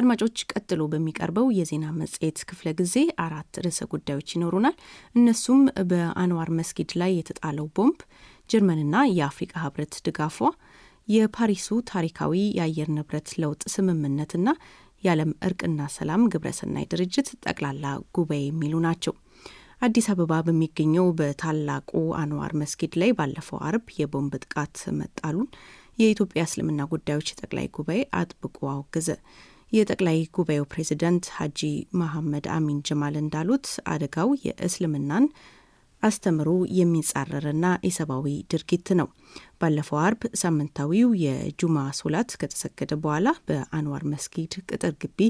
አድማጮች፣ ቀጥሎ በሚቀርበው የዜና መጽሔት ክፍለ ጊዜ አራት ርዕሰ ጉዳዮች ይኖሩናል። እነሱም በአንዋር መስጊድ ላይ የተጣለው ቦምብ፣ ጀርመንና የአፍሪቃ ህብረት ድጋፏ፣ የፓሪሱ ታሪካዊ የአየር ንብረት ለውጥ ስምምነትና የዓለም እርቅና ሰላም ግብረሰናይ ድርጅት ጠቅላላ ጉባኤ የሚሉ ናቸው። አዲስ አበባ በሚገኘው በታላቁ አንዋር መስጊድ ላይ ባለፈው አርብ የቦምብ ጥቃት መጣሉን የኢትዮጵያ እስልምና ጉዳዮች ጠቅላይ ጉባኤ አጥብቆ አወገዘ። የጠቅላይ ጉባኤው ፕሬዝዳንት ሀጂ መሐመድ አሚን ጀማል እንዳሉት አደጋው የእስልምናን አስተምሮ የሚጻረርና የሰብአዊ ድርጊት ነው። ባለፈው አርብ ሳምንታዊው የጁማ ሶላት ከተሰገደ በኋላ በአንዋር መስጊድ ቅጥር ግቢ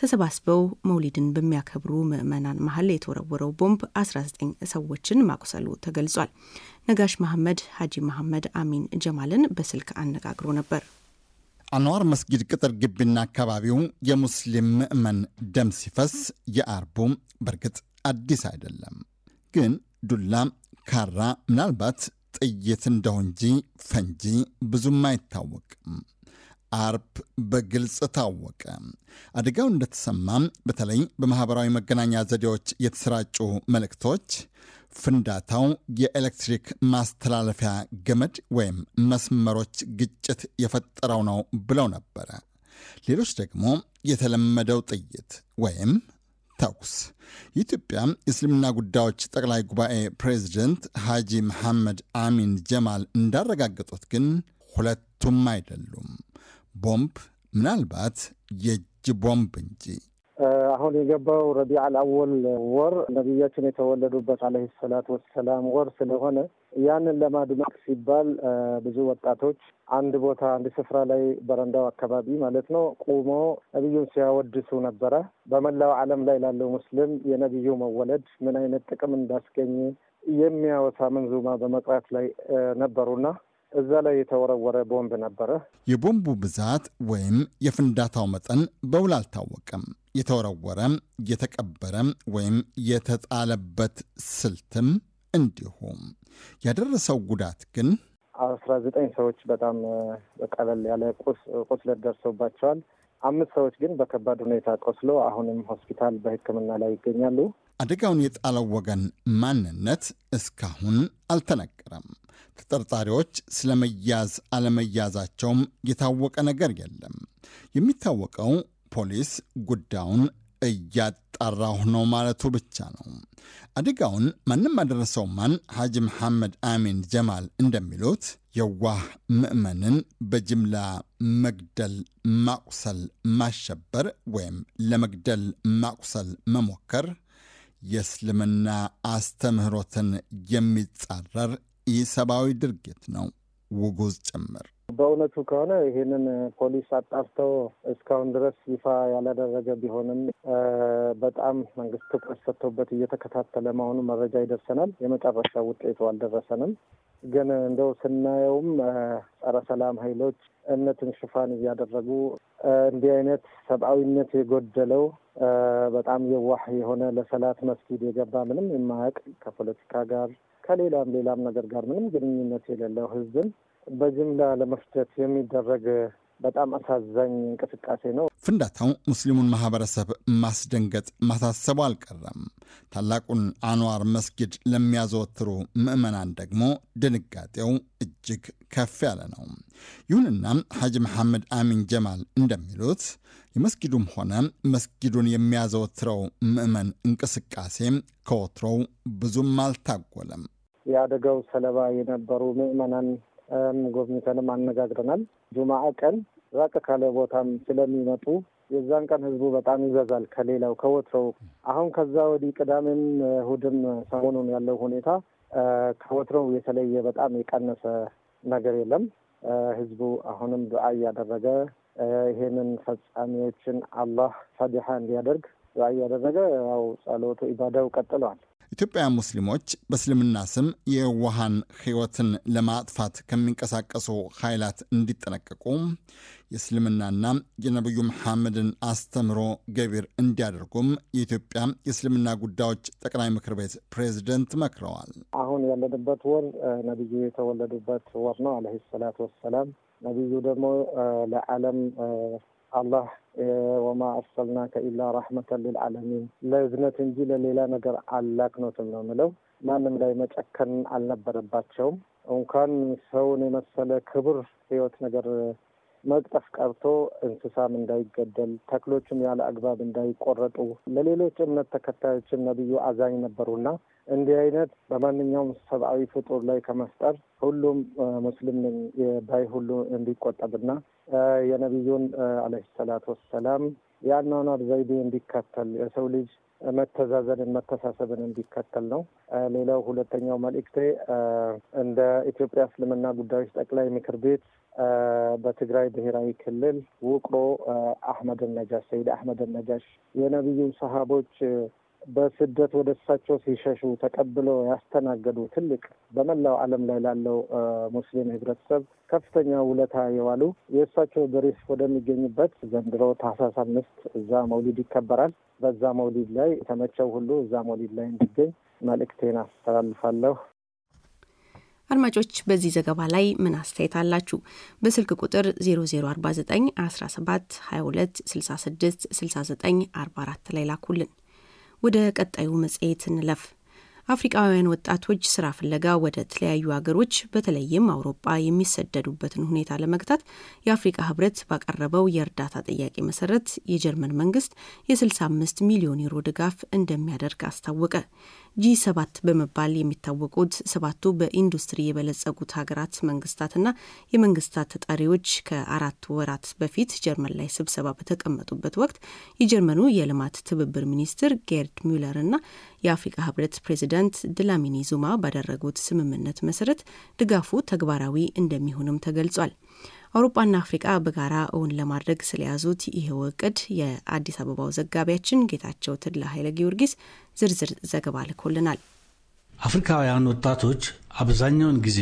ተሰባስበው መውሊድን በሚያከብሩ ምዕመናን መሀል የተወረወረው ቦምብ 19 ሰዎችን ማቁሰሉ ተገልጿል። ነጋሽ መሐመድ ሀጂ መሐመድ አሚን ጀማልን በስልክ አነጋግሮ ነበር። አንዋር መስጊድ ቅጥር ግቢና አካባቢው የሙስሊም ምዕመን ደም ሲፈስ የአርቡ በእርግጥ አዲስ አይደለም። ግን ዱላ፣ ካራ፣ ምናልባት ጥይት እንደሆንጂ እንጂ ፈንጂ ብዙም አይታወቅም። አርብ በግልጽ ታወቀ። አደጋው እንደተሰማ በተለይ በማኅበራዊ መገናኛ ዘዴዎች የተሰራጩ መልእክቶች ፍንዳታው የኤሌክትሪክ ማስተላለፊያ ገመድ ወይም መስመሮች ግጭት የፈጠረው ነው ብለው ነበረ። ሌሎች ደግሞ የተለመደው ጥይት ወይም ተኩስ። የኢትዮጵያ የእስልምና ጉዳዮች ጠቅላይ ጉባኤ ፕሬዚደንት ሐጂ መሐመድ አሚን ጀማል እንዳረጋገጡት ግን ሁለቱም አይደሉም። ቦምብ ምናልባት የእጅ ቦምብ እንጂ አሁን የገባው ረቢዓል አወል ወር ነቢያችን የተወለዱበት አለህ ሰላት ወሰላም ወር ስለሆነ ያንን ለማድመቅ ሲባል ብዙ ወጣቶች አንድ ቦታ አንድ ስፍራ ላይ በረንዳው አካባቢ ማለት ነው ቁሞ ነቢዩን ሲያወድሱ ነበረ። በመላው ዓለም ላይ ላለው ሙስሊም የነቢዩ መወለድ ምን አይነት ጥቅም እንዳስገኘ የሚያወሳ መንዙማ በመቅራት ላይ ነበሩና እዛ ላይ የተወረወረ ቦምብ ነበረ። የቦምቡ ብዛት ወይም የፍንዳታው መጠን በውል አልታወቀም። የተወረወረ የተቀበረ ወይም የተጣለበት ስልትም እንዲሁም ያደረሰው ጉዳት ግን አስራ ዘጠኝ ሰዎች በጣም ቀለል ያለ ቁስለት ደርሶባቸዋል። አምስት ሰዎች ግን በከባድ ሁኔታ ቆስሎ አሁንም ሆስፒታል በሕክምና ላይ ይገኛሉ። አደጋውን የጣለው ወገን ማንነት እስካሁን አልተነገረም። ተጠርጣሪዎች ስለመያዝ አለመያዛቸውም የታወቀ ነገር የለም። የሚታወቀው ፖሊስ ጉዳዩን እያጣራሁ ነው ማለቱ ብቻ ነው። አደጋውን ማንም አደረሰው ማን ሐጂ መሐመድ አሚን ጀማል እንደሚሉት የዋህ ምዕመንን በጅምላ መግደል፣ ማቁሰል፣ ማሸበር ወይም ለመግደል ማቁሰል መሞከር የእስልምና አስተምህሮትን የሚጻረር ኢሰብአዊ ድርጊት ነው ውጉዝ ጭምር። በእውነቱ ከሆነ ይህንን ፖሊስ አጣርተው እስካሁን ድረስ ይፋ ያላደረገ ቢሆንም በጣም መንግስት ትኩረት ሰጥቶበት እየተከታተለ መሆኑ መረጃ ይደርሰናል። የመጨረሻ ውጤቱ አልደረሰንም፣ ግን እንደው ስናየውም ጸረ ሰላም ኃይሎች እምነትን ሽፋን እያደረጉ እንዲህ አይነት ሰብአዊነት የጎደለው በጣም የዋህ የሆነ ለሰላት መስጊድ የገባ ምንም የማያውቅ ከፖለቲካ ጋር ከሌላም ሌላም ነገር ጋር ምንም ግንኙነት የሌለው ህዝብን በጅምላ ለመፍጀት የሚደረግ በጣም አሳዛኝ እንቅስቃሴ ነው። ፍንዳታው ሙስሊሙን ማህበረሰብ ማስደንገጥ ማሳሰቡ አልቀረም። ታላቁን አንዋር መስጊድ ለሚያዘወትሩ ምዕመናን ደግሞ ድንጋጤው እጅግ ከፍ ያለ ነው። ይሁንና ሐጅ መሐመድ አሚን ጀማል እንደሚሉት የመስጊዱም ሆነ መስጊዱን የሚያዘወትረው ምዕመን እንቅስቃሴ ከወትሮው ብዙም አልታጎለም። የአደጋው ሰለባ የነበሩ ምዕመናን ጎብኝተንም አነጋግረናል። ጁማአ ቀን ራቅ ካለ ቦታም ስለሚመጡ የዛን ቀን ህዝቡ በጣም ይበዛል ከሌላው ከወትሮው። አሁን ከዛ ወዲህ ቅዳሜም ሁድም ሰሞኑን ያለው ሁኔታ ከወትሮው የተለየ በጣም የቀነሰ ነገር የለም። ህዝቡ አሁንም ዱዓ እያደረገ ይሄንን ፈጻሚዎችን አላህ ፈዲሓ እንዲያደርግ ዱዓ እያደረገ ያው ጸሎቱ ኢባዳው ቀጥሏል። ኢትዮጵያ ሙስሊሞች በእስልምና ስም የዋሃን ሕይወትን ለማጥፋት ከሚንቀሳቀሱ ኃይላት እንዲጠነቀቁ የእስልምናና የነቢዩ መሐመድን አስተምሮ ገቢር እንዲያደርጉም የኢትዮጵያ የእስልምና ጉዳዮች ጠቅላይ ምክር ቤት ፕሬዚደንት መክረዋል። አሁን ያለንበት ወር ነቢዩ የተወለዱበት ወር ነው። አለይሂ ሰላት ወሰላም ነቢዩ ደግሞ ለዓለም አላህ ወማ አርሰልናከ ኢላ ረሕመተን ልልዓለሚን ለእዝነት እንጂ ለሌላ ነገር አላክኖትም ነው ምለው። ማንም ላይ መጨከን አልነበረባቸውም። እንኳን ሰውን የመሰለ ክቡር ህይወት ነገር መቅጠፍ ቀርቶ እንስሳም እንዳይገደል፣ ተክሎችም ያለ አግባብ እንዳይቆረጡ ለሌሎች እምነት ተከታዮችም ነብዩ አዛኝ ነበሩና እንዲህ አይነት በማንኛውም ሰብአዊ ፍጡር ላይ ከመፍጠር ሁሉም ሙስሊም ባይ ሁሉ እንዲቆጠብና የነቢዩን አለህ ሰላት ወሰላም የአኗኗር ዘይቤ እንዲከተል የሰው ልጅ መተዛዘንን መተሳሰብን እንዲከተል ነው። ሌላው ሁለተኛው መልእክቴ እንደ ኢትዮጵያ እስልምና ጉዳዮች ጠቅላይ ምክር ቤት በትግራይ ብሔራዊ ክልል ውቅሮ አሕመድን ነጃሽ ሰይድ አሕመድን ነጃሽ የነቢዩን ሰሃቦች በስደት ወደ እሳቸው ሲሸሹ ተቀብለው ያስተናገዱ ትልቅ በመላው ዓለም ላይ ላለው ሙስሊም ህብረተሰብ ከፍተኛ ውለታ የዋሉ የእሳቸው በሬስ ወደሚገኝበት ዘንድሮ ታህሳስ አምስት እዛ መውሊድ ይከበራል። በዛ መውሊድ ላይ የተመቸው ሁሉ እዛ መውሊድ ላይ እንዲገኝ መልእክቴን አስተላልፋለሁ። አድማጮች በዚህ ዘገባ ላይ ምን አስተያየት አላችሁ? በስልክ ቁጥር 0049 17 22 66 69 44 ላይ ላኩልን። ወደ ቀጣዩ መጽሔት እንለፍ። አፍሪቃውያን ወጣቶች ስራ ፍለጋ ወደ ተለያዩ ሀገሮች በተለይም አውሮፓ የሚሰደዱበትን ሁኔታ ለመግታት የአፍሪቃ ህብረት ባቀረበው የእርዳታ ጥያቄ መሰረት የጀርመን መንግስት የ65 ሚሊዮን ዩሮ ድጋፍ እንደሚያደርግ አስታወቀ። ጂ ሰባት በመባል የሚታወቁት ሰባቱ በኢንዱስትሪ የበለጸጉት ሀገራት መንግስታትና የመንግስታት ተጠሪዎች ከአራት ወራት በፊት ጀርመን ላይ ስብሰባ በተቀመጡበት ወቅት የጀርመኑ የልማት ትብብር ሚኒስትር ጌርድ ሚለር እና የአፍሪካ ህብረት ፕሬዚዳንት ድላሚኒ ዙማ ባደረጉት ስምምነት መሰረት ድጋፉ ተግባራዊ እንደሚሆንም ተገልጿል። አውሮፓና አፍሪቃ በጋራ እውን ለማድረግ ስለያዙት ይሄው እቅድ የአዲስ አበባው ዘጋቢያችን ጌታቸው ትድላ ኃይለ ጊዮርጊስ ዝርዝር ዘገባ ልኮልናል። አፍሪካውያን ወጣቶች አብዛኛውን ጊዜ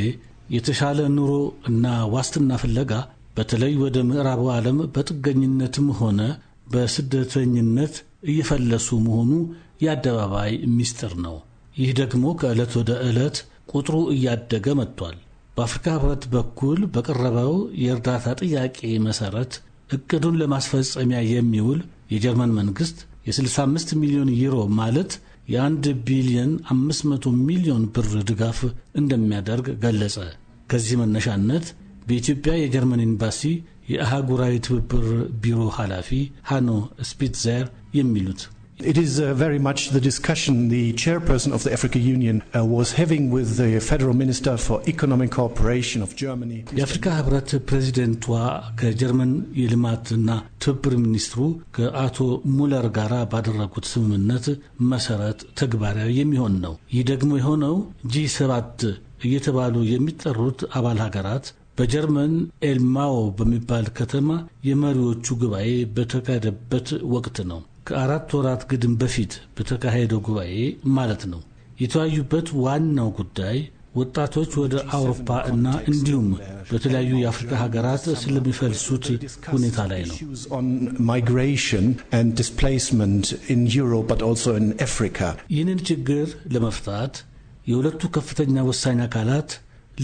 የተሻለ ኑሮ እና ዋስትና ፍለጋ በተለይ ወደ ምዕራቡ ዓለም በጥገኝነትም ሆነ በስደተኝነት እየፈለሱ መሆኑ የአደባባይ ምስጢር ነው። ይህ ደግሞ ከዕለት ወደ ዕለት ቁጥሩ እያደገ መጥቷል። በአፍሪካ ህብረት በኩል በቀረበው የእርዳታ ጥያቄ መሰረት እቅዱን ለማስፈጸሚያ የሚውል የጀርመን መንግስት የ65 ሚሊዮን ዩሮ ማለት የ1 ቢሊዮን 500 ሚሊዮን ብር ድጋፍ እንደሚያደርግ ገለጸ። ከዚህ መነሻነት በኢትዮጵያ የጀርመን ኤምባሲ የአህጉራዊ ትብብር ቢሮ ኃላፊ ሃኖ ስፒትዘር የሚሉት It is uh, very much the discussion the chairperson of the Africa Union uh, was having with the Federal Minister for Economic Cooperation of Germany. የአፍሪካ ህብረት ፕሬዚደንቷ ከጀርመን የልማትና ትብብር ሚኒስትሩ ከአቶ ሙለር ጋር ባደረጉት ስምምነት መሰረት ተግባራዊ የሚሆን ነው። ይህ ደግሞ የሆነው ጂ ሰባት እየተባሉ የሚጠሩት አባል ሀገራት በጀርመን ኤልማው በሚባል ከተማ የመሪዎቹ ጉባኤ በተካሄደበት ወቅት ነው። ከአራት ወራት ግድም በፊት በተካሄደው ጉባኤ ማለት ነው። የተወያዩበት ዋናው ጉዳይ ወጣቶች ወደ አውሮፓ እና እንዲሁም በተለያዩ የአፍሪካ ሀገራት ስለሚፈልሱት ሁኔታ ላይ ነው። ይህንን ችግር ለመፍታት የሁለቱ ከፍተኛ ወሳኝ አካላት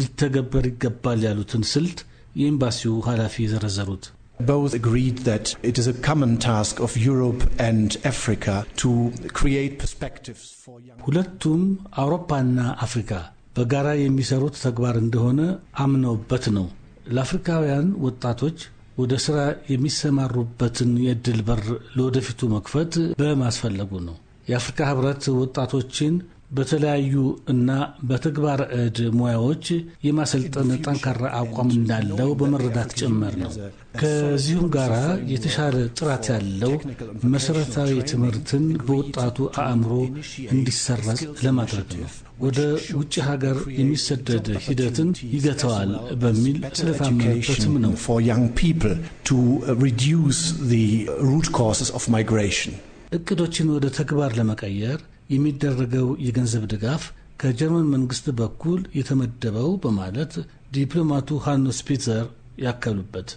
ሊተገበር ይገባል ያሉትን ስልት የኤምባሲው ኃላፊ የዘረዘሩት Both agreed that it is a task of Europe and Africa to create perspectives for young ሁለቱም አውሮፓና አፍሪካ በጋራ የሚሰሩት ተግባር እንደሆነ አምነውበት ነው። ለአፍሪካውያን ወጣቶች ወደ ስራ የሚሰማሩበትን የእድል በር ለወደፊቱ መክፈት በማስፈለጉ ነው። የአፍሪካ ህብረት ወጣቶችን በተለያዩ እና በተግባር እድ ሙያዎች የማሰልጠን ጠንካራ አቋም እንዳለው በመረዳት ጭምር ነው። ከዚሁም ጋራ የተሻለ ጥራት ያለው መሰረታዊ ትምህርትን በወጣቱ አእምሮ እንዲሰረጽ ለማድረግ ነው። ወደ ውጭ ሀገር የሚሰደድ ሂደትን ይገተዋል በሚል ስለታመነበትም ነው። እቅዶችን ወደ ተግባር ለመቀየር የሚደረገው የገንዘብ ድጋፍ ከጀርመን መንግስት በኩል የተመደበው በማለት ዲፕሎማቱ ሃንስ ፒተር ያከሉበት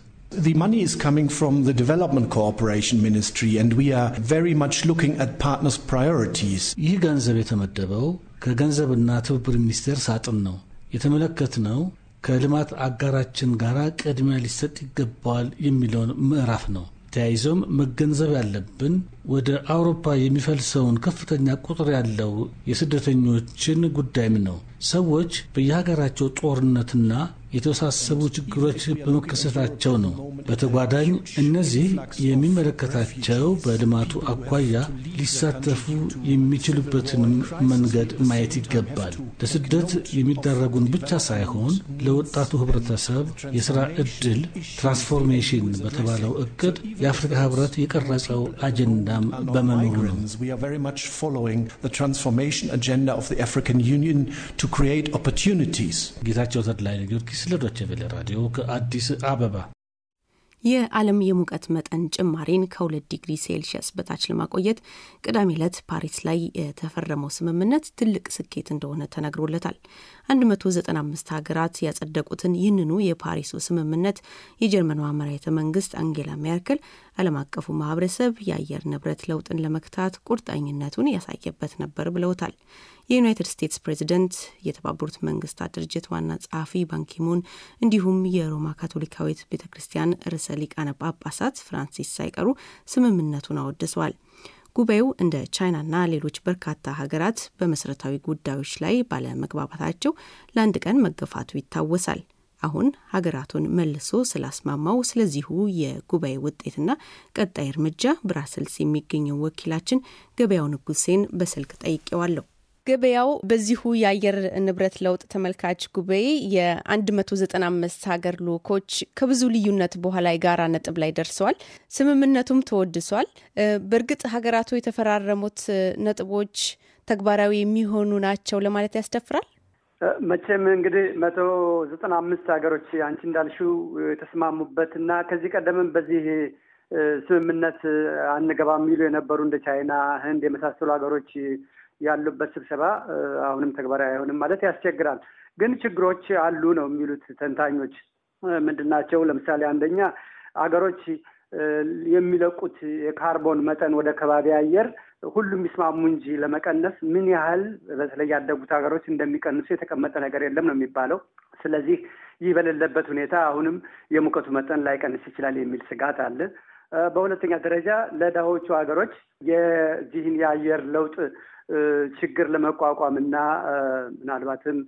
The money is coming from the Development Cooperation Ministry and we are very much looking at partners' priorities. ይህ ገንዘብ የተመደበው ከገንዘብና ትብብር ሚኒስቴር ሳጥን ነው። የተመለከትነው ከልማት አጋራችን ጋር ቅድሚያ ሊሰጥ ይገባዋል የሚለውን ምዕራፍ ነው። ተያይዘውም መገንዘብ ያለብን ወደ አውሮፓ የሚፈልሰውን ከፍተኛ ቁጥር ያለው የስደተኞችን ጉዳይም ነው። ሰዎች በየሀገራቸው ጦርነትና የተወሳሰቡ ችግሮች በመከሰታቸው ነው። በተጓዳኝ እነዚህ የሚመለከታቸው በልማቱ አኳያ ሊሳተፉ የሚችሉበትንም መንገድ ማየት ይገባል። ለስደት የሚደረጉን ብቻ ሳይሆን ለወጣቱ ህብረተሰብ የስራ እድል ትራንስፎርሜሽን በተባለው እቅድ የአፍሪካ ህብረት የቀረጸው አጀንዳም በመኖሩ ነው። create opportunities። ጌታቸው ተድላይ ጊዮርጊስ ለዶቼ ቬለ ራዲዮ ከአዲስ አበባ። የዓለም የሙቀት መጠን ጭማሪን ከሁለት ዲግሪ ሴልሺየስ በታች ለማቆየት ቅዳሜ ዕለት ፓሪስ ላይ የተፈረመው ስምምነት ትልቅ ስኬት እንደሆነ ተነግሮለታል። 195 ሀገራት ያጸደቁትን ይህንኑ የፓሪሱ ስምምነት የጀርመኗ መራሄተ መንግስት አንጌላ ሜርክል ዓለም አቀፉ ማህበረሰብ የአየር ንብረት ለውጥን ለመክታት ቁርጠኝነቱን ያሳየበት ነበር ብለውታል። የዩናይትድ ስቴትስ ፕሬዚደንት፣ የተባበሩት መንግስታት ድርጅት ዋና ጸሐፊ ባንኪሙን እንዲሁም የሮማ ካቶሊካዊት ቤተ ክርስቲያን ርዕሰ ሊቃነ ጳጳሳት ፍራንሲስ ሳይቀሩ ስምምነቱን አወድሰዋል። ጉባኤው እንደ ቻይናና ሌሎች በርካታ ሀገራት በመሰረታዊ ጉዳዮች ላይ ባለመግባባታቸው ለአንድ ቀን መገፋቱ ይታወሳል። አሁን ሀገራቱን መልሶ ስላስማማው ስለዚሁ የጉባኤ ውጤትና ቀጣይ እርምጃ ብራስልስ የሚገኘው ወኪላችን ገበያው ንጉሴን በስልክ ጠይቄዋለሁ። ገበያው በዚሁ የአየር ንብረት ለውጥ ተመልካች ጉባኤ የ195 ሀገር ልዑኮች ከብዙ ልዩነት በኋላ የጋራ ነጥብ ላይ ደርሰዋል። ስምምነቱም ተወድሷል። በእርግጥ ሀገራቱ የተፈራረሙት ነጥቦች ተግባራዊ የሚሆኑ ናቸው ለማለት ያስደፍራል። መቼም እንግዲህ መቶ ዘጠና አምስት ሀገሮች አንቺ እንዳልሽው የተስማሙበት እና ከዚህ ቀደምም በዚህ ስምምነት አንገባ የሚሉ የነበሩ እንደ ቻይና፣ ህንድ የመሳሰሉ ሀገሮች ያሉበት ስብሰባ አሁንም ተግባራዊ አይሆንም ማለት ያስቸግራል። ግን ችግሮች አሉ ነው የሚሉት ተንታኞች። ምንድን ናቸው? ለምሳሌ አንደኛ አገሮች የሚለቁት የካርቦን መጠን ወደ ከባቢ አየር ሁሉም ይስማሙ እንጂ ለመቀነስ ምን ያህል በተለይ ያደጉት ሀገሮች እንደሚቀንሱ የተቀመጠ ነገር የለም ነው የሚባለው። ስለዚህ ይህ በሌለበት ሁኔታ አሁንም የሙቀቱ መጠን ላይቀንስ ይችላል የሚል ስጋት አለ። በሁለተኛ ደረጃ ለድሃዎቹ ሀገሮች የዚህን የአየር ለውጥ ችግር ለመቋቋም እና ምናልባትም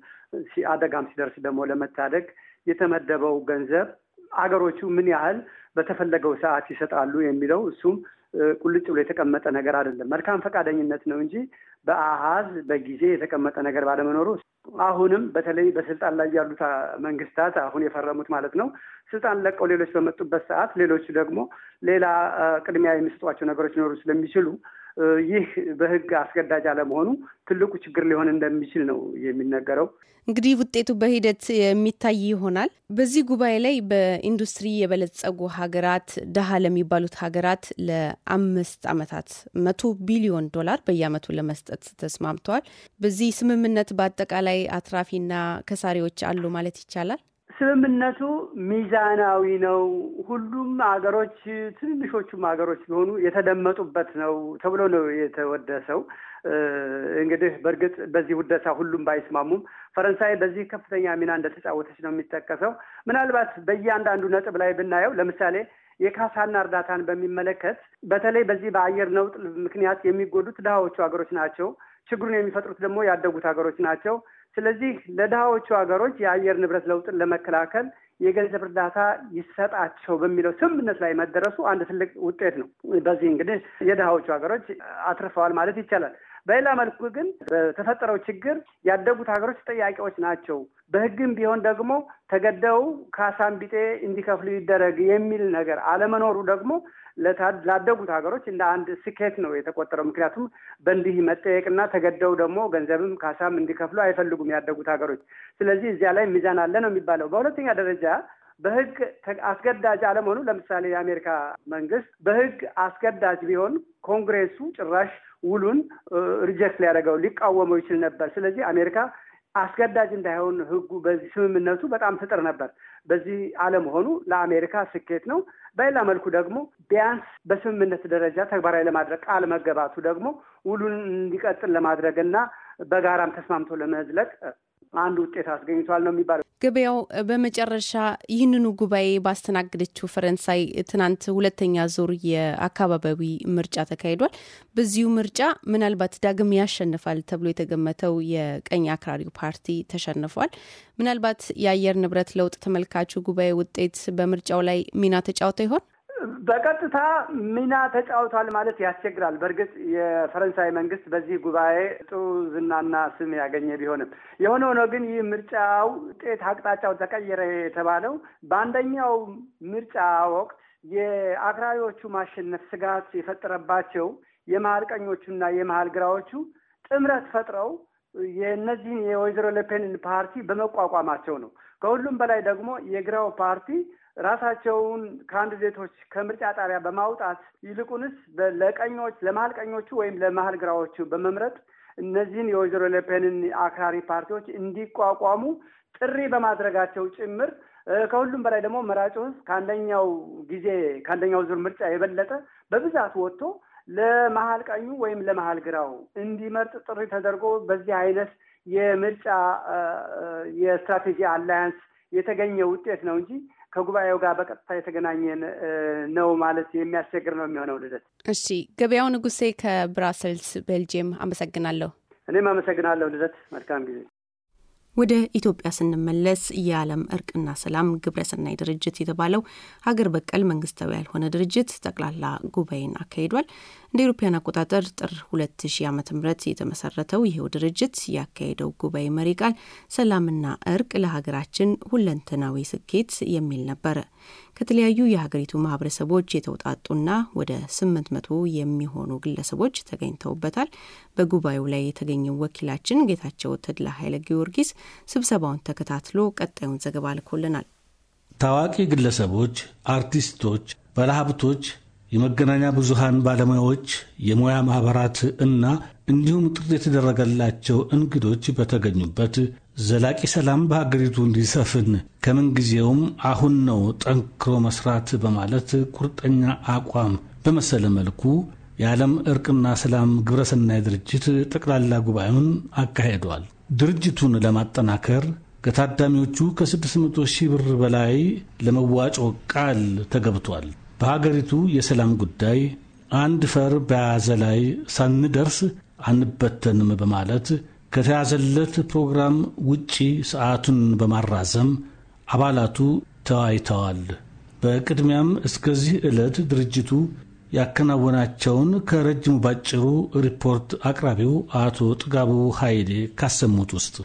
አደጋም ሲደርስ ደግሞ ለመታደግ የተመደበው ገንዘብ አገሮቹ ምን ያህል በተፈለገው ሰዓት ይሰጣሉ የሚለው እሱም ቁልጭ ብሎ የተቀመጠ ነገር አይደለም። መልካም ፈቃደኝነት ነው እንጂ በአሃዝ በጊዜ የተቀመጠ ነገር ባለመኖሩ አሁንም በተለይ በስልጣን ላይ ያሉት መንግስታት አሁን የፈረሙት ማለት ነው ስልጣን ለቀው ሌሎች በመጡበት ሰዓት ሌሎቹ ደግሞ ሌላ ቅድሚያ የሚሰጧቸው ነገሮች ሊኖሩ ስለሚችሉ ይህ በህግ አስገዳጅ አለመሆኑ ትልቁ ችግር ሊሆን እንደሚችል ነው የሚነገረው። እንግዲህ ውጤቱ በሂደት የሚታይ ይሆናል። በዚህ ጉባኤ ላይ በኢንዱስትሪ የበለጸጉ ሀገራት ደሀ ለሚባሉት ሀገራት ለአምስት ዓመታት መቶ ቢሊዮን ዶላር በየዓመቱ ለመስጠት ተስማምተዋል። በዚህ ስምምነት በአጠቃላይ አትራፊና ከሳሪዎች አሉ ማለት ይቻላል። ስምምነቱ ሚዛናዊ ነው። ሁሉም ሀገሮች ትንንሾቹም ሀገሮች ቢሆኑ የተደመጡበት ነው ተብሎ ነው የተወደሰው። እንግዲህ በእርግጥ በዚህ ውደሳ ሁሉም ባይስማሙም ፈረንሳይ በዚህ ከፍተኛ ሚና እንደተጫወተች ነው የሚጠቀሰው። ምናልባት በእያንዳንዱ ነጥብ ላይ ብናየው ለምሳሌ የካሳና እርዳታን በሚመለከት በተለይ በዚህ በአየር ነውጥ ምክንያት የሚጎዱት ድሃዎቹ ሀገሮች ናቸው። ችግሩን የሚፈጥሩት ደግሞ ያደጉት ሀገሮች ናቸው። ስለዚህ ለድሃዎቹ ሀገሮች የአየር ንብረት ለውጥን ለመከላከል የገንዘብ እርዳታ ይሰጣቸው በሚለው ስምምነት ላይ መደረሱ አንድ ትልቅ ውጤት ነው። በዚህ እንግዲህ የድሃዎቹ ሀገሮች አትርፈዋል ማለት ይቻላል። በሌላ መልኩ ግን በተፈጠረው ችግር ያደጉት ሀገሮች ተጠያቂዎች ናቸው፣ በህግም ቢሆን ደግሞ ተገደው ካሳም ቢጤ እንዲከፍሉ ይደረግ የሚል ነገር አለመኖሩ ደግሞ ላደጉት ሀገሮች እንደ አንድ ስኬት ነው የተቆጠረው። ምክንያቱም በእንዲህ መጠየቅና ተገደው ደግሞ ገንዘብም ካሳም እንዲከፍሉ አይፈልጉም ያደጉት ሀገሮች። ስለዚህ እዚያ ላይ ሚዛን አለ ነው የሚባለው። በሁለተኛ ደረጃ በህግ አስገዳጅ አለመሆኑ ለምሳሌ የአሜሪካ መንግስት በህግ አስገዳጅ ቢሆን ኮንግሬሱ ጭራሽ ውሉን ሪጀክት ሊያደርገው ሊቃወመው ይችል ነበር። ስለዚህ አሜሪካ አስገዳጅ እንዳይሆን ህጉ በዚህ ስምምነቱ በጣም ትጥር ነበር። በዚህ አለመሆኑ ለአሜሪካ ስኬት ነው። በሌላ መልኩ ደግሞ ቢያንስ በስምምነት ደረጃ ተግባራዊ ለማድረግ ቃል መገባቱ ደግሞ ውሉን እንዲቀጥል ለማድረግ እና በጋራም ተስማምቶ ለመዝለቅ አንድ ውጤት አስገኝቷል ነው የሚባለው። ገበያው በመጨረሻ ይህንኑ ጉባኤ ባስተናገደችው ፈረንሳይ ትናንት ሁለተኛ ዙር የአካባቢያዊ ምርጫ ተካሂዷል። በዚሁ ምርጫ ምናልባት ዳግም ያሸንፋል ተብሎ የተገመተው የቀኝ አክራሪው ፓርቲ ተሸንፏል። ምናልባት የአየር ንብረት ለውጥ ተመልካቹ ጉባኤ ውጤት በምርጫው ላይ ሚና ተጫውተው ይሆን? በቀጥታ ሚና ተጫውቷል ማለት ያስቸግራል። በእርግጥ የፈረንሳይ መንግስት በዚህ ጉባኤ ጥሩ ዝናና ስም ያገኘ ቢሆንም የሆነ ሆኖ ግን ይህ ምርጫው ውጤት አቅጣጫው ተቀየረ የተባለው በአንደኛው ምርጫ ወቅት የአክራሪዎቹ ማሸነፍ ስጋት የፈጠረባቸው የመሀል ቀኞቹና የመሀል ግራዎቹ ጥምረት ፈጥረው የእነዚህን የወይዘሮ ለፔንን ፓርቲ በመቋቋማቸው ነው። ከሁሉም በላይ ደግሞ የግራው ፓርቲ ራሳቸውን ካንዲዴቶች ከምርጫ ጣቢያ በማውጣት ይልቁንስ ለቀኞች ለመሀል ቀኞቹ ወይም ለመሀል ግራዎቹ በመምረጥ እነዚህን የወይዘሮ ለፔንን አክራሪ ፓርቲዎች እንዲቋቋሙ ጥሪ በማድረጋቸው ጭምር ከሁሉም በላይ ደግሞ መራጩ ሕዝብ ከአንደኛው ጊዜ ከአንደኛው ዙር ምርጫ የበለጠ በብዛት ወጥቶ ለመሀል ቀኙ ወይም ለመሀል ግራው እንዲመርጥ ጥሪ ተደርጎ በዚህ አይነት የምርጫ የስትራቴጂ አላያንስ የተገኘ ውጤት ነው እንጂ ከጉባኤው ጋር በቀጥታ የተገናኘ ነው ማለት የሚያስቸግር ነው የሚሆነው። ልደት እሺ፣ ገበያው ንጉሴ ከብራሰልስ ቤልጅየም አመሰግናለሁ። እኔም አመሰግናለሁ ልደት፣ መልካም ጊዜ። ወደ ኢትዮጵያ ስንመለስ የዓለም እርቅና ሰላም ግብረሰናይ ድርጅት የተባለው ሀገር በቀል መንግስታዊ ያልሆነ ድርጅት ጠቅላላ ጉባኤን አካሂዷል። እንደ አውሮፓውያን አቆጣጠር ጥር 2000 ዓ.ም የተመሰረተው ይህው ድርጅት ያካሄደው ጉባኤ መሪ ቃል ሰላምና እርቅ ለሀገራችን ሁለንተናዊ ስኬት የሚል ነበረ። ከተለያዩ የሀገሪቱ ማህበረሰቦች የተውጣጡና ወደ ስምንት መቶ የሚሆኑ ግለሰቦች ተገኝተውበታል። በጉባኤው ላይ የተገኘው ወኪላችን ጌታቸው ተድላ ኃይለ ጊዮርጊስ ስብሰባውን ተከታትሎ ቀጣዩን ዘገባ ልኮልናል። ታዋቂ ግለሰቦች፣ አርቲስቶች፣ ባለሀብቶች፣ የመገናኛ ብዙሃን ባለሙያዎች፣ የሙያ ማኅበራት እና እንዲሁም ጥሪ የተደረገላቸው እንግዶች በተገኙበት ዘላቂ ሰላም በሀገሪቱ እንዲሰፍን ከምንጊዜውም አሁን ነው ጠንክሮ መስራት በማለት ቁርጠኛ አቋም በመሰለ መልኩ የዓለም እርቅና ሰላም ግብረሰናይ ድርጅት ጠቅላላ ጉባኤውን አካሄዷል። ድርጅቱን ለማጠናከር ከታዳሚዎቹ ከ600 ሺህ ብር በላይ ለመዋጮ ቃል ተገብቷል። በሀገሪቱ የሰላም ጉዳይ አንድ ፈር በያዘ ላይ ሳንደርስ አንበተንም በማለት ከተያዘለት ፕሮግራም ውጪ ሰዓቱን በማራዘም አባላቱ ተወያይተዋል። በቅድሚያም እስከዚህ ዕለት ድርጅቱ ያከናወናቸውን ከረጅሙ ባጭሩ ሪፖርት አቅራቢው አቶ ጥጋቡ ኃይሌ ካሰሙት ውስጥ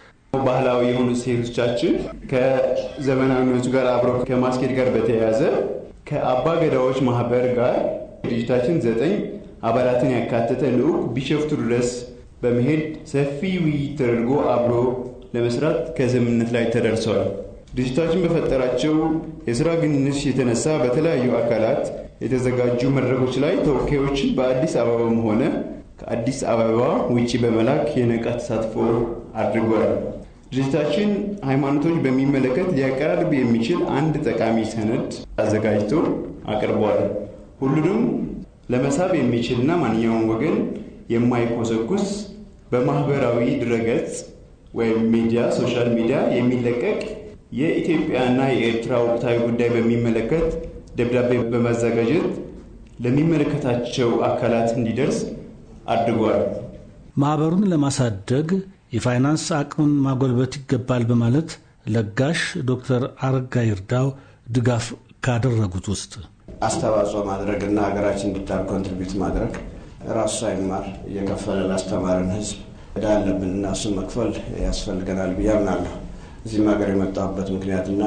ባህላዊ የሆኑ ሴቶቻችን ከዘመናዊዎች ጋር አብረ ከማስኬድ ጋር በተያያዘ ከአባ ገዳዎች ማህበር ጋር ድርጅታችን ዘጠኝ አባላትን ያካተተ ልዑክ ቢሸፍቱ ድረስ በመሄድ ሰፊ ውይይት ተደርጎ አብሮ ለመስራት ከስምምነት ላይ ተደርሰዋል። ድርጅታችን በፈጠራቸው የስራ ግንኙነት የተነሳ በተለያዩ አካላት የተዘጋጁ መድረኮች ላይ ተወካዮችን በአዲስ አበባም ሆነ ከአዲስ አበባ ውጭ በመላክ የነቃ ተሳትፎ አድርጓል። ድርጅታችን ሃይማኖቶች በሚመለከት ሊያቀራርብ የሚችል አንድ ጠቃሚ ሰነድ አዘጋጅቶ አቅርቧል። ሁሉንም ለመሳብ የሚችልና ማንኛውም ወገን የማይኮሰኩስ በማህበራዊ ድረገጽ ወይም ሚዲያ ሶሻል ሚዲያ የሚለቀቅ የኢትዮጵያና የኤርትራ ወቅታዊ ጉዳይ በሚመለከት ደብዳቤ በማዘጋጀት ለሚመለከታቸው አካላት እንዲደርስ አድርጓል። ማህበሩን ለማሳደግ የፋይናንስ አቅምን ማጎልበት ይገባል በማለት ለጋሽ ዶክተር አረጋ ይርዳው ድጋፍ ካደረጉት ውስጥ አስተዋጽኦ ማድረግና ሀገራችን እንድታር ኮንትሪቢዩት ማድረግ ራሱ ሳይማር እየከፈለ ላስተማረን ህዝብ እዳ እና እሱን መክፈል ያስፈልገናል ብዬ አምናለሁ። እዚህም ሀገር የመጣሁበት ምክንያትና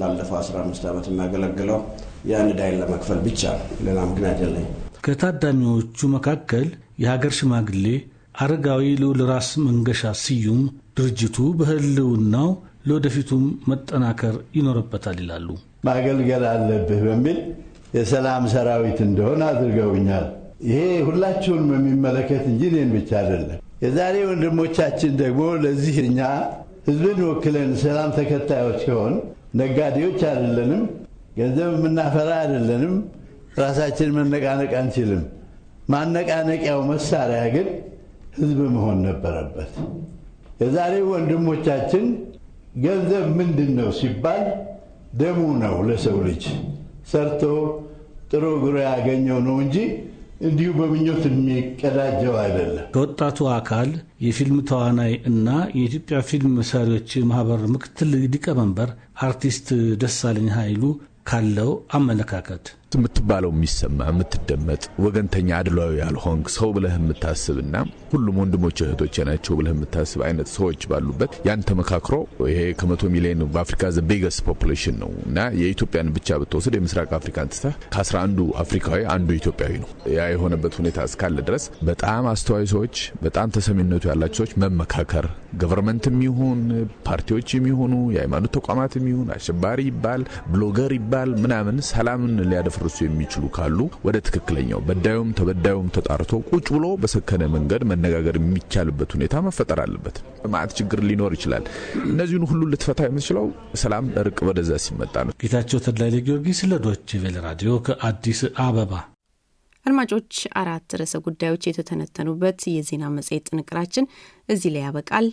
ላለፈው 15 ዓመት የሚያገለግለው ያን ዕዳይን ለመክፈል ብቻ ሌላ ምክንያት የለኝ። ከታዳሚዎቹ መካከል የሀገር ሽማግሌ አረጋዊ ልዑል ራስ መንገሻ ስዩም ድርጅቱ በህልውናው ለወደፊቱም መጠናከር ይኖርበታል ይላሉ። ማገልገል አለብህ በሚል የሰላም ሰራዊት እንደሆነ አድርገውኛል። ይሄ ሁላችሁንም የሚመለከት እንጂ እኔን ብቻ አይደለም። የዛሬ ወንድሞቻችን ደግሞ ለዚህ እኛ ህዝብን ወክለን ሰላም ተከታዮች ሲሆን ነጋዴዎች አይደለንም፣ ገንዘብ የምናፈራ አይደለንም፣ ራሳችን መነቃነቅ አንችልም። ማነቃነቂያው መሳሪያ ግን ህዝብ መሆን ነበረበት። የዛሬ ወንድሞቻችን ገንዘብ ምንድን ነው ሲባል ደሙ ነው። ለሰው ልጅ ሰርቶ ጥሩ ግሮ ያገኘው ነው እንጂ እንዲሁ በምኞት የሚቀዳጀው አይደለም። ከወጣቱ አካል የፊልም ተዋናይ እና የኢትዮጵያ ፊልም መሳሪዎች ማህበር ምክትል ሊቀመንበር አርቲስት ደሳለኝ ኃይሉ ካለው አመለካከት የምትባለው የሚሰማ የምትደመጥ ወገንተኛ አድሏዊ ያልሆንክ ሰው ብለህ የምታስብና ሁሉም ወንድሞች እህቶቼ ናቸው ብለህ የምታስብ አይነት ሰዎች ባሉበት ያን ተመካክሮ ይሄ ከመቶ ሚሊዮን በአፍሪካ ዘ ቢገስ ፖፕሌሽን ነው እና የኢትዮጵያን ብቻ ብትወስድ የምስራቅ አፍሪካን ትተህ ከአስራ አንዱ አፍሪካዊ አንዱ ኢትዮጵያዊ ነው። ያ የሆነበት ሁኔታ እስካለ ድረስ በጣም አስተዋይ ሰዎች፣ በጣም ተሰሚነቱ ያላቸው ሰዎች መመካከር ገቨርንመንትም ይሁን ፓርቲዎች የሚሆኑ የሃይማኖት ተቋማት የሚሆን አሸባሪ ይባል ብሎገር ይባል ምናምን ሰላምን ሊያደፍ ሊያስፈርሱ የሚችሉ ካሉ ወደ ትክክለኛው በዳዩም ተበዳዩም ተጣርቶ ቁጭ ብሎ በሰከነ መንገድ መነጋገር የሚቻልበት ሁኔታ መፈጠር አለበት። ማለት ችግር ሊኖር ይችላል። እነዚህን ሁሉ ልትፈታ የምትችለው ሰላም፣ እርቅ ወደዛ ሲመጣ ነው። ጌታቸው ተድላይ ለጊዮርጊስ ለዶች ቬለ ራዲዮ ከአዲስ አበባ። አድማጮች፣ አራት ርዕሰ ጉዳዮች የተተነተኑበት የዜና መጽሔት ጥንቅራችን እዚህ ላይ ያበቃል።